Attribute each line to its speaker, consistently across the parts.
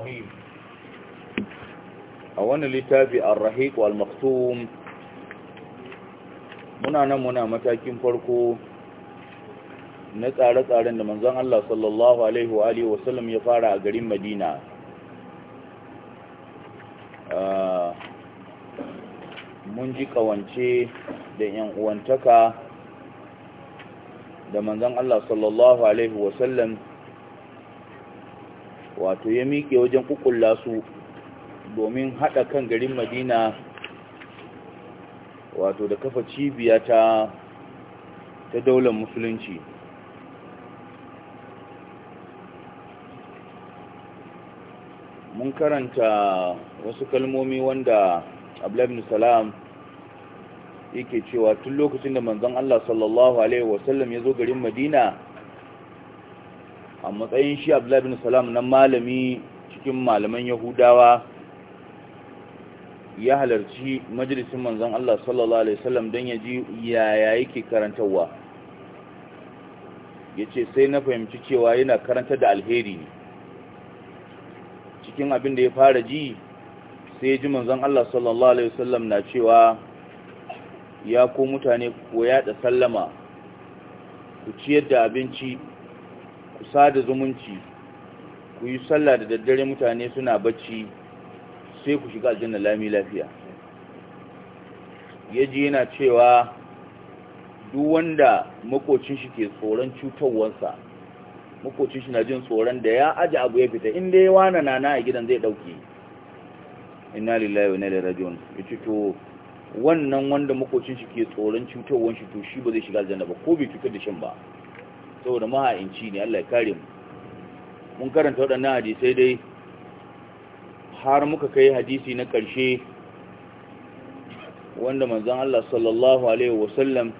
Speaker 1: الرحيم أولا لتابع الرحيق والمختوم muna nan muna matakin farko na tsare-tsaren da manzon Allah sallallahu alaihi wa alihi ya fara a garin Madina mun ji ƙawance da da manzon Allah sallallahu alaihi wasallam wato ya miƙe wajen kukulla su domin haɗa kan garin madina wato da kafa cibiya ta ta daular musulunci mun karanta wasu kalmomi wanda abdullahi salam yake cewa tun lokacin da manzon Allah sallallahu alaihi wasallam ya zo garin madina a matsayin shi abdullahi bin salam na malami cikin malaman yahudawa ya halarci majalisin manzon Allah sallallahu alaihi wasallam don ya ji yaya yake karantarwa ya ce sai na fahimci cewa yana karanta da alheri cikin abin da ya fara ji sai ya ji manzon Allah sallallahu alaihi wasallam na cewa ya ko mutane ko yaɗa sallama ku ciyar da abinci ku sada zumunci ku yi sallah da daddare mutane suna bacci sai ku shiga aljanna lami lafiya yaji yana cewa duk wanda makocin shi ke tsoron cutarwarsa makocin shi na jin tsoron da ya aji abu ya fita inda ya wana nana a gidan zai dauke inna lillahi wa inna ilaihi raji'un ci to wannan wanda makocin shi ke tsoron cutarwar shi to shi ba zai shiga aljanna ba ko bai cutar da shin ba saboda maha'inci ne Allah ya kare mu mun karanta waɗannan hadisai dai har muka kai hadisi na ƙarshe wanda manzon Allah sallallahu alaihi wasallam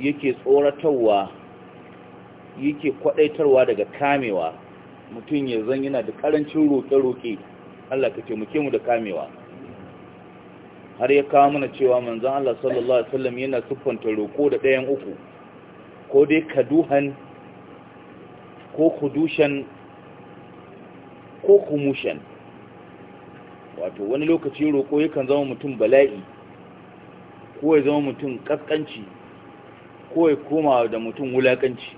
Speaker 1: yake tsoratarwa yake kwadaitarwa daga kamewa mutum ya zan yana da karancin roƙe-roƙe Allah ka taimake mu da kamewa har ya kawo mana cewa manzon Allah sallallahu alaihi wasallam yana siffanta roƙo da ɗayan uku ko dai kaduhan ko kudushan ko kumushan wato wani lokaci roƙo yakan zama mutum bala'i ko ya zama mutum ƙasƙanci ko ya koma da mutum wulaƙanci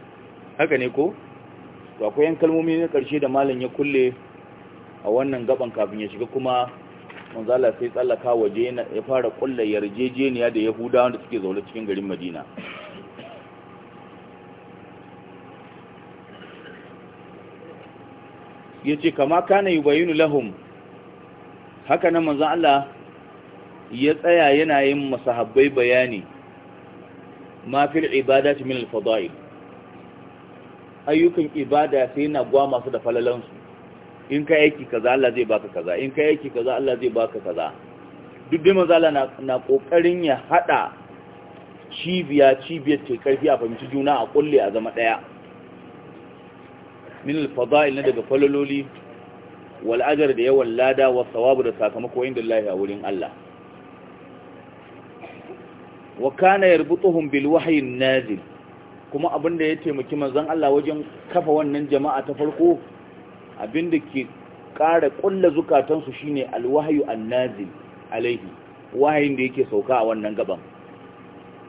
Speaker 1: haka ne ko? to akwai yan kalmomi na ƙarshe da malam ya kulle a wannan gaban kafin ya shiga kuma manzala sai tsallaka waje ya fara ƙulla yarjejeniya da yahudawa da suke zaune cikin garin madina ya ce kama kana yi bayinu lahum haka nan manzan Allah ya tsaya yana yin masahabbai bayani ma ibada, ta min al ayyukan ibada sai yana gwa masu da falalansu in ka aiki kaza Allah zai baka kaza in ka aiki kaza Allah zai baka kaza duk da manzo Allah na kokarin ya hada cibiya cibiyar ce karfi a fahimci juna a kulle a zama daya min alfada'il na daga falaloli wal ajr da yawan lada wa sawabu da sakamako inda Allah a wurin Allah wa kana yarbutuhum bil wahyi nazil kuma abinda ya taimaki manzon Allah wajen kafa wannan jama'a ta farko abinda ke ƙara ƙulla zukatansu shine alwahyu annazil alaihi wahayin da yake sauka a wannan gaban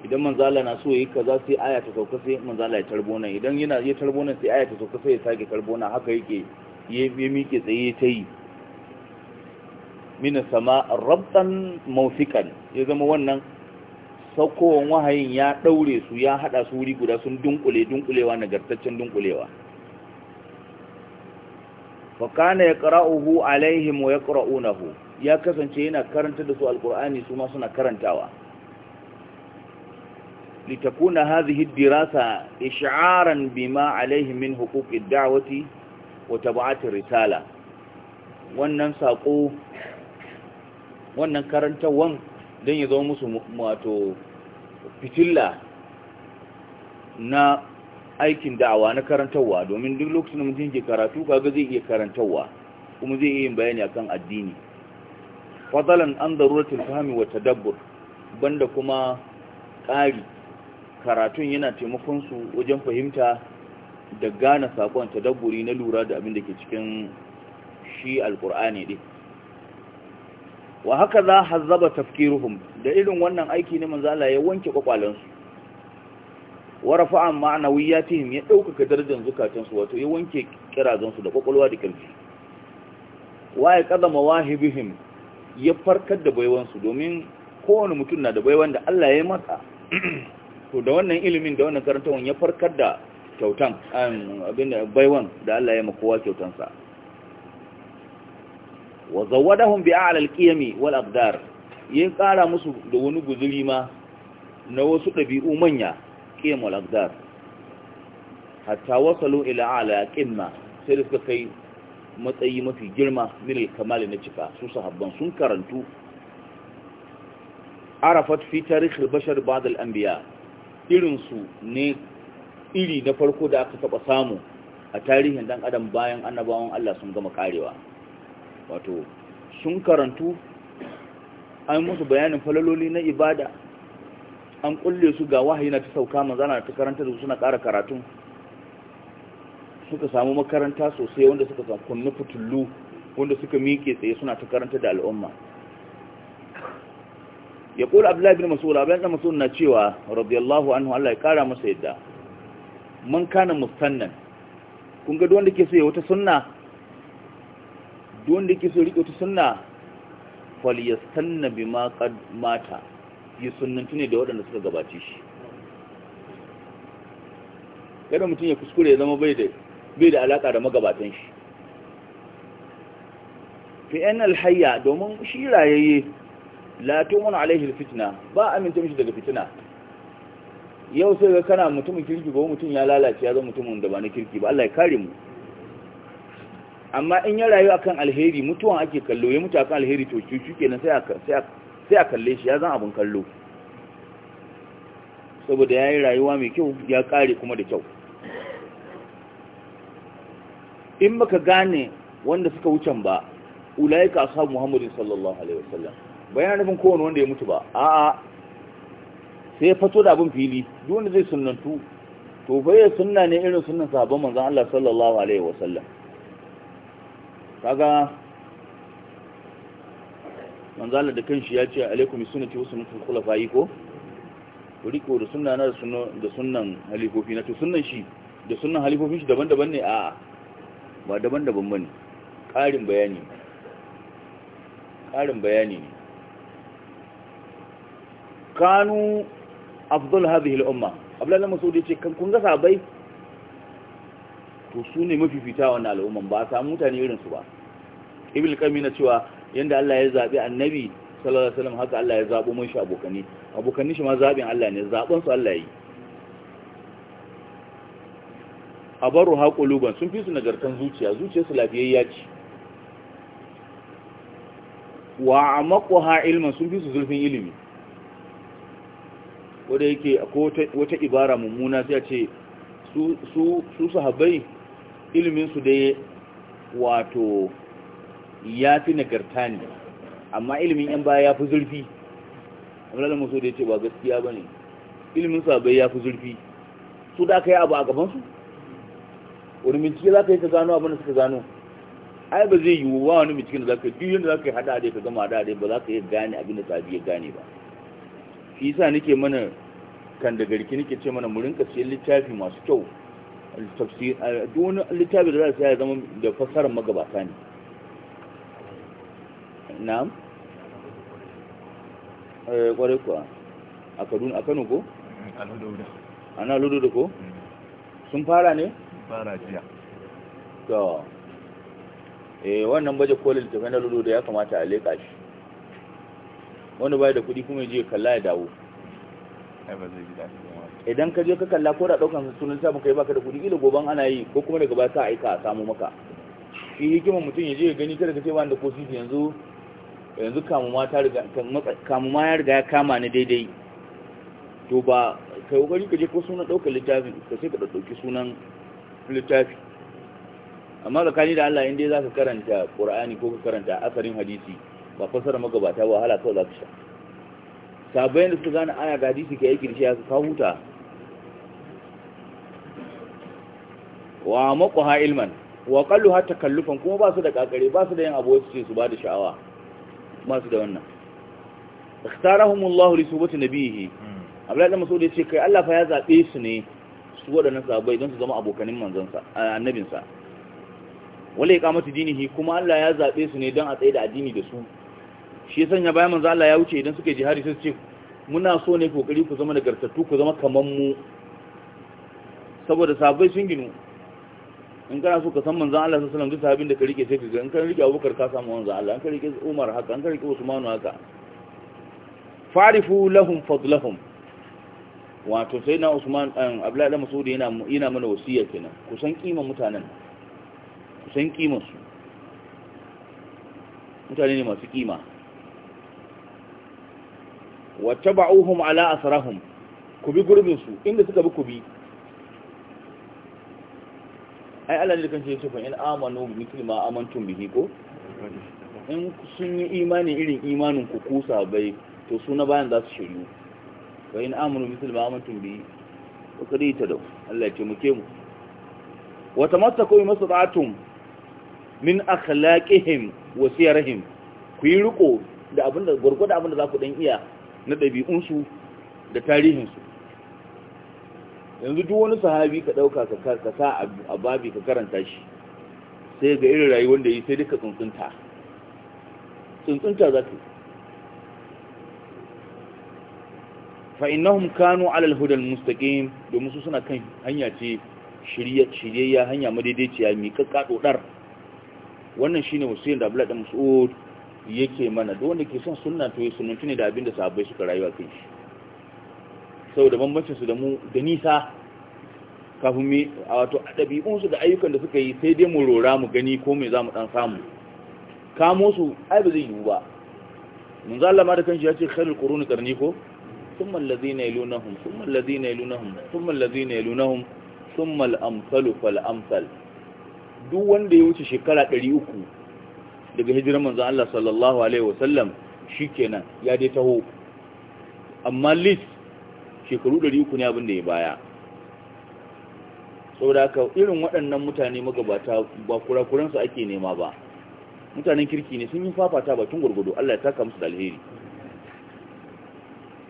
Speaker 1: idan manzala na so yi kaza sai aya ta sauka sai manzala ya tarbo nan idan yana ya tarbo nan sai aya ta sauka sai ya sake tarbo haka yake ya miƙe tsaye ta yi mina sama rabtan mausikan ya zama wannan saukowan wahayin ya ɗaure su ya haɗa su wuri guda sun dunkule dunkulewa nagartaccen dunkulewa fakana ya ƙara'uhu alaihim wa ya ƙara'unahu ya kasance yana karanta da su alkur'ani su ma suna karantawa لتكون هذه الدراسة إشعارا بما عليه من حقوق الدعوة وتبعات الرسالة wannan saƙo wannan karantawan don ya zama musu wato fitilla na aikin da'awa na karantarwa domin duk lokacin da mutum ke karatu kaga zai iya karantarwa kuma zai iya yin bayani akan addini fadalan an daruratul fahmi wa tadabbur banda kuma ƙari karatun yana taimakon su wajen fahimta da gane sakon tadabburi na lura da abin da ke cikin shi alkur'ani din wa haka za hazzaba tafkiruhum da irin wannan aiki ne manzo Allah ya wanke kwakwalansu wa rafa'a ma'nawiyatihim ya ɗaukaka darajar zukatansu wato ya wanke kirazansu da kwakwalwa da kirji wa ya qadama wahibihim ya farkar da baiwansu domin kowane mutum na da baiwan da Allah ya yi maka. to da wannan ilimin da wannan karantawan ya farkar da kyautan um, abin baiwan da Allah ya makowa kyautansa wa zawadahum bi a'lal qiyami wal aqdar yin kara musu da wani guzuri ma na wasu dabi'u manya qiyam wal aqdar hatta wasalu ila a'la qimma sai da suka kai matsayi mafi girma min kamal na cika su sahabban sun karantu arafat fi tarikh al-bashar ba'd al-anbiya su ne iri na farko da aka taɓa samu a tarihin dan adam bayan annabawan Allah sun gama karewa wato sun karantu an musu bayanin falaloli na ibada an kulle su ga wahayi na ta sauka manzana ta karanta da su, suna ƙara karatun suka samu makaranta sosai wanda suka samu kunnu fitullu wanda suka miƙe tsaye suna ta karanta da al'umma ya kula abdullahi bin mas'ud abdullahi bin masu na cewa radiyallahu anhu Allah ya kara masa yadda man kana musannan kun ga duwanda ke sai wata sunna duwanda ke sai rike wata sunna falyastanna bi qad mata yi sunnantu ne da waɗanda suka gabace shi yadda mutum ya kuskure ya zama bai da alaƙa da da magabatan shi fi yan alhayya domin shi rayayye la tumun alaihi fitna ba aminta mishi daga fitina yau sai ga kana mutumin kirki ko mutum ya lalace ya zama mutumin da ba na kirki ba Allah ya kare mu amma in ya rayu akan alheri mutuwan ake kallo ya mutu akan alheri to cucu kenan sai aka sai a kalle shi ya zan abin kallo saboda ya yi rayuwa mai kyau ya kare kuma da kyau in baka gane wanda suka wucen ba ulaika ashabu muhammadin sallallahu alaihi wasallam bayan nufin kowane wanda ya mutu ba a'a sai fato da abin fili duk wanda zai sunantu to bai sunna ne irin sunan sabon manzan Allah sallallahu alaihi wasallam kaga manzan Allah da kanshi ya ce alaikum wasu mutum kula fayi ko riko da suna na da sunan halifofi na to sunan shi da sunan halifofin shi daban-daban ne a ba daban-daban bane ƙarin bayani ne ƙarin bayani ne kanu afdal hadhihi al-umma abdullahi masudi ce kan kun ga sabai to su ne mafifita wannan al'umman ba sa mutane irin su ba Ibil kamina na cewa yanda Allah ya zabi annabi sallallahu alaihi wasallam haka Allah ya zabo mun shi abokani abokani shi ma zabin Allah ne zaben su Allah yi abaru haquluban sun fi su nagartan zuciya zuciya su lafiyayya ce wa amaquha ilman sun fi su zulfin ilimi wanda yake wata ibara mummuna sai a ce su sahabai iliminsu dai wato ya fi nagarta ne amma ilimin yan baya ya fi zurfi amurala musu da ya ce ba gaskiya ba ne ilimin sahabai ya fi zurfi su da aka yi abu a gabansu wani bincike za ka yi ka gano abin da suka gano ai ba zai yiwu ba wani binciken da za ka yi duk yadda za ka yi hada da ka gama hada da ba za ka yi gane abin da sahabi ya gane ba shi yasa nake mana kan da garki nake ce mana mu rinka siyan littafi masu kyau tafsir duk wani littafi da za su ya zama da fasarar magabata ne na'am kwarai eh, kuwa a Kaduna a Kano ko a na ana Lododo ko mm. sun fara ne fara jiya to eh wannan baje kolin lodo Lododo ya kamata a leka shi wani bai da kuɗi kuma ya je ya kalla ya dawo idan ka je ka kalla ko da ɗaukan sunan samun kai baka da kuɗi ila goban ana yi ko kuma daga baya sa aika a samu maka shi hikimar mutum ya je ya gani kada ka ce ba da ko shi yanzu yanzu kamuma ya riga ya kama ni daidai to ba kai kokari ka je ko sunan ɗaukar littafin ka sai ka ɗauki sunan littafi amma tsakani da Allah inda za ka karanta Qur'ani ko ka karanta asarin hadisi ba fasara magabata ba wahala kawai za su sha sabayin da suka gane aya ga hadisi ke aiki da shi ya ka huta wa ha ilman wa kallu hatta kallufan kuma ba su da kakare ba su da yin abuwa su ce su ba da sha'awa ba su da wannan ikhtarahumullahu li subati nabihi abdullahi dan masudi ce kai Allah fa ya zabe su ne su wadannan sahabbai don su zama abokanin manzon sa annabin sa wala iqamati dinihi kuma Allah ya zabe su ne don a tsaye da addini da su shi ya sanya bayan manzo Allah ya wuce idan suka jihari sai ce muna so ne kokari ku zama nagartattu ku zama kaman mu saboda sabai sun ginu in kana so ka san manzon Allah sallallahu alaihi wasallam duk da ka rike sai ka ga in ka rike Abubakar ka samu manzon Allah in ka rike Umar haka in ka rike Usman haka farifu lahum fadlahum wato sai na Usman an eh, Abdullahi Mas'ud yana yana mana wasiya kenan ku san kiman mutanen ku san kiman su mutane ne masu kima wata ba'uhum ala sarahun ku bi gurbinsu inda suka bi ku bi ai Allah kan da ya ce fa in amanu bi mithli ma amantum bihi ko in sun yi imani irin imanin ku kusa bai to su na bayan za su shiryu Ba in amanu bi mithli ma amantum bihi ko kadi ta da Allah ya ce muke mu wa tamattaku bi masata'atum min akhlaqihim wa siyarihim ku yi riko da abinda gurgurda abinda za ku dan iya na ɗabi'unsu da tarihinsu yanzu duk wani sahabi ka ɗauka ka sa a babi ka karanta shi sai ga irin rayuwar da yi sai duka tsuntsunta tsuntsunta za ka yi kanu alal hudal mustaƙin domin su suna kan hanya ce shiryayya hanya madaidaiciya mai ƙaƙaɗo ɗar wannan shi ne wasu yin da abu laɗin yake mana da ke son sunna to ya sunanci ne da abin da sahabbai suka rayuwa kai shi saboda bambancin su da mu da nisa kafin a wato ɗabi'un su da ayyukan da suka yi sai dai mu rora mu gani ko me za mu dan samu kamo su ai ba zai yiwu ba mun zalla ma da kanshi ya ce khairul quruni qarni ko thumma allazina yalunahum thumma allazina yalunahum thumma allazina yalunahum thumma al-amsalu fal-amsal duk wanda ya wuce shekara 300 daga hijiran manzo Allah sallallahu alaihi wasallam shikenan ya dai taho amma lit shekaru 300 ne abin da ya baya saboda ka irin waɗannan mutane magabata ba kurakuransu ake nema ba mutanen kirki ne sun yi fafata bakin gurgudu Allah ya taka musu da alheri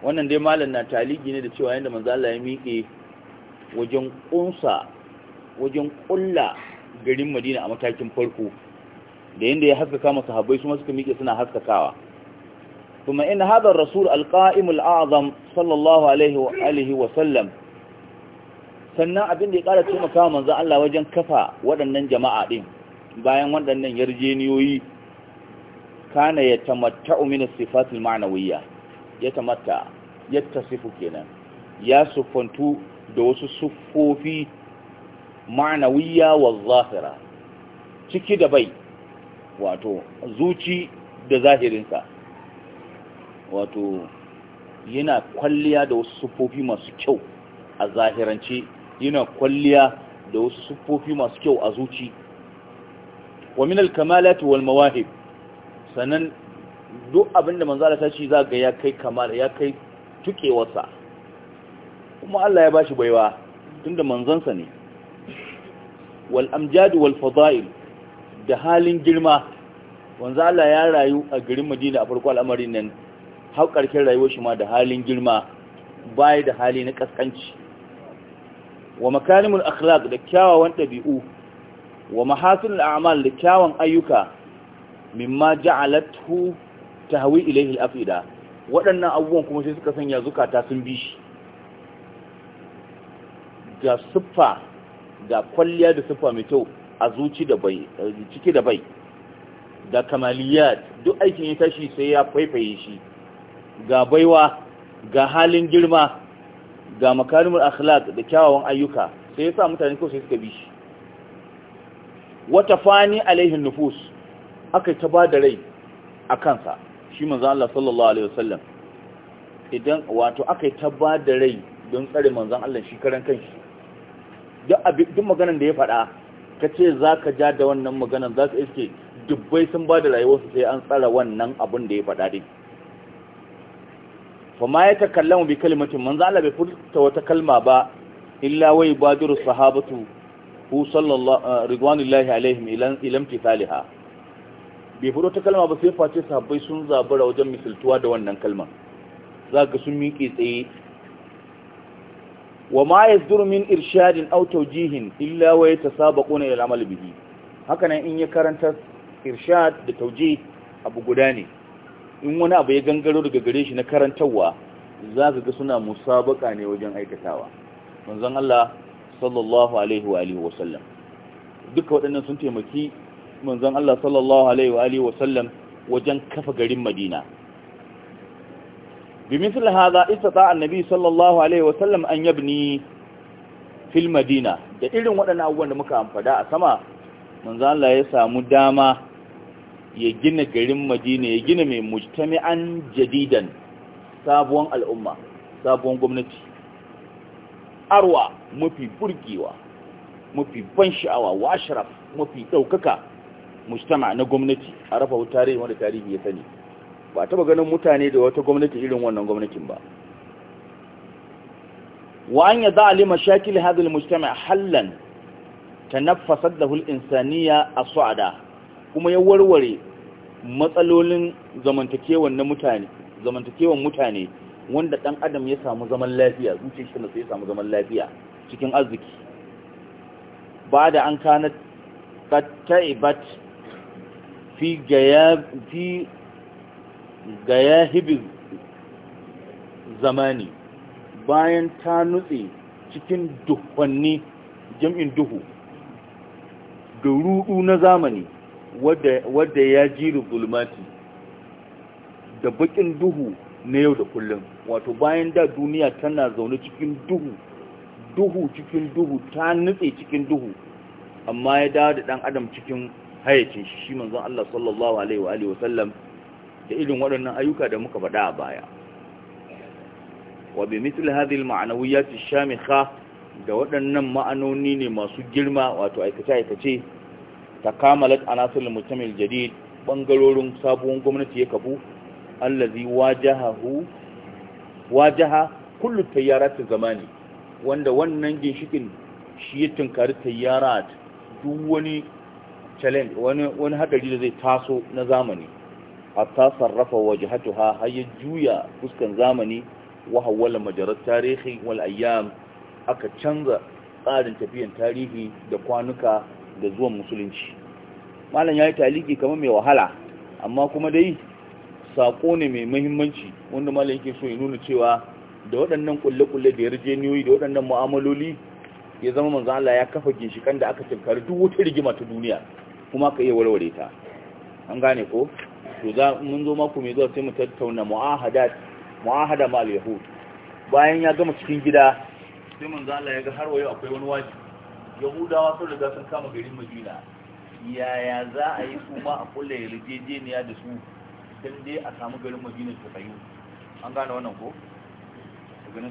Speaker 1: wannan dai malam na taligi ne da cewa yanda manzo Allah ya miƙe wajen kunsa wajen kulla garin Madina a matakin farko da yanda ya haskaka masa sahabbai su suka miƙe suna haskakawa kuma in hadha rasul al azam sallallahu alaihi wa sallam sannan abin da ya ƙara taimaka manzan Allah wajen kafa waɗannan jama'a din bayan waɗannan yarjeniyoyi kana yatamatta'u min as-sifat al-ma'nawiyya yatamatta yattasifu kenan ya sufantu da wasu siffofi ma'nawiyya wa Zafira. ciki da bai wato zuci da zahirinsa wato yana kwalliya da wasu sufofi masu kyau a zahirance yana kwalliya da wasu sufofi masu kyau a zuci wa min al wal mawahib sanan duk abinda manzo Allah ta ce ga ya kai kamala ya kai tukewarsa kuma Allah ya bashi baiwa tunda manzansa ne wal amjad wal fadail da halin girma wanzu Allah ya rayu a garin Madina a farko al'amarin nan hau ƙarshen rayuwar shi ma da halin girma baya da hali na kaskanci wa makarimul akhlaq da kyawawan ɗabi'u wa mahasin a'mal da kyawawan ayyuka mimma ja'alatu tahwi ilayhi al waɗannan abubuwan kuma sai suka sanya zukata sun bi shi ga siffa ga kwalliya da siffa mai kyau a zuci da bai ciki da bai da kamaliyat duk aikin ya tashi sai ya faifaye shi ga baiwa ga halin girma ga makarimul akhlaq da kyawawan ayyuka sai ya sa mutane ko sai suka bi shi wata fani alaihi nufus aka ta ba da rai a kansa shi manzo Allah sallallahu alaihi wasallam idan wato aka ta ba da rai don tsare manzan Allah shi karan kanshi duk maganar da ya faɗa ka ce za ka ja da wannan maganan za ka iske dubbai sun ba da rayuwarsu sai an tsara wannan abin da ya faɗa din fa ma ya takallamu bi kalimatin manzo Allah bai furta wata kalma ba illa wai badiru sahabatu hu sallallahu ah, ridwanullahi alaihim ilan ilam tithaliha bai furta wata kalma ba sai face sahabbai sun zabura wajen misaltuwa da wannan kalma za ka sun miƙe tsaye wa ma yasduru min irshadin aw tawjihin illa wa yatasabaquna ila al amali bihi haka nan in ya karanta irshad da tawjih abu guda ne in wani abu ya gangaro daga gare shi na karantawa zaka ga suna musabaka ne wajen aikatawa manzon Allah sallallahu alaihi wa alihi wa sallam duka waɗannan sun taimaki manzon Allah sallallahu alaihi wa alihi wa sallam wajen kafa garin Madina bimisal haza istata annabi sallallahu alaihi wasallam an yabni ni filmadina. da irin waɗannan abubuwan da muka amfada a sama Manzala ya samu dama ya gina garin Madina ya gina mai mujtami'an jaridan sabuwan al'umma sabuwan gwamnati arwa mafi burgewa mafi ban sha'awa washraf mafi ɗaukaka mujtama na gwamnati a rafa tarihi wanda tarihi ya sani ba taba ganin mutane da wata gwamnati irin wannan gwamnatin ba wa an yada ali mashakil hadha almujtama' hallan tanaffasat lahu al-insaniya a suada kuma ya warware matsalolin zamantakewan mutane wanda ɗan adam ya samu zaman lafiya zuciyar shi sai ya samu zaman lafiya cikin arziki ba da an kana ta'ibat fi gayab fi ga yahibi zamani bayan ta nutse cikin duhwanni jam'in duhu da ruɗu na zamani wadda ya jiri zulmati da bakin duhu na yau da kullum wato bayan da duniya tana zaune cikin duhu duhu cikin duhu ta nutse cikin duhu amma ya dawo da ɗan adam cikin hayacin shi manzon Allah sallallahu alaihi wa da irin waɗannan ayyuka da muka faɗa a baya wa bi misli hadhihi al manawiyat ash-shamikha da waɗannan ma'anoni ne masu girma wato aikace-aikace ta kamalat anasir al jadid bangarorin sabuwar gwamnati ya kafu allazi wajahahu wajaha kullu tayarat zamani wanda wannan ginshikin shi ya tunkari tayarat duk wani challenge wani wani hadari da zai taso na zamani hatta sarrafa wajhatuha har ya juya fuskan zamani wa hawwala majarat tarihi wal ayyam aka canza tsarin tafiyan tarihi da kwanuka da zuwan musulunci malam yayi taliki kamar mai wahala amma kuma dai sako ne mai muhimmanci wanda malam yake so ya nuna cewa da waɗannan ƙulle kulle da yarjeniyoyi da waɗannan mu'amaloli ya zama manzo Allah ya kafa ginshikan da aka tinkari duk wata rigima ta duniya kuma ka iya warware ta an gane ko to za mun zo mako mai zuwa sai mu tattauna mu'ahadat mu'ahada ma al-yahud bayan ya gama cikin gida sai manzo Allah ya ga har wayo akwai wani waji yahudawa sun riga sun kama garin Madina yaya za a yi su ma a kulle yarjejeniya da su dan dai a samu garin Madina ta an gane wannan ko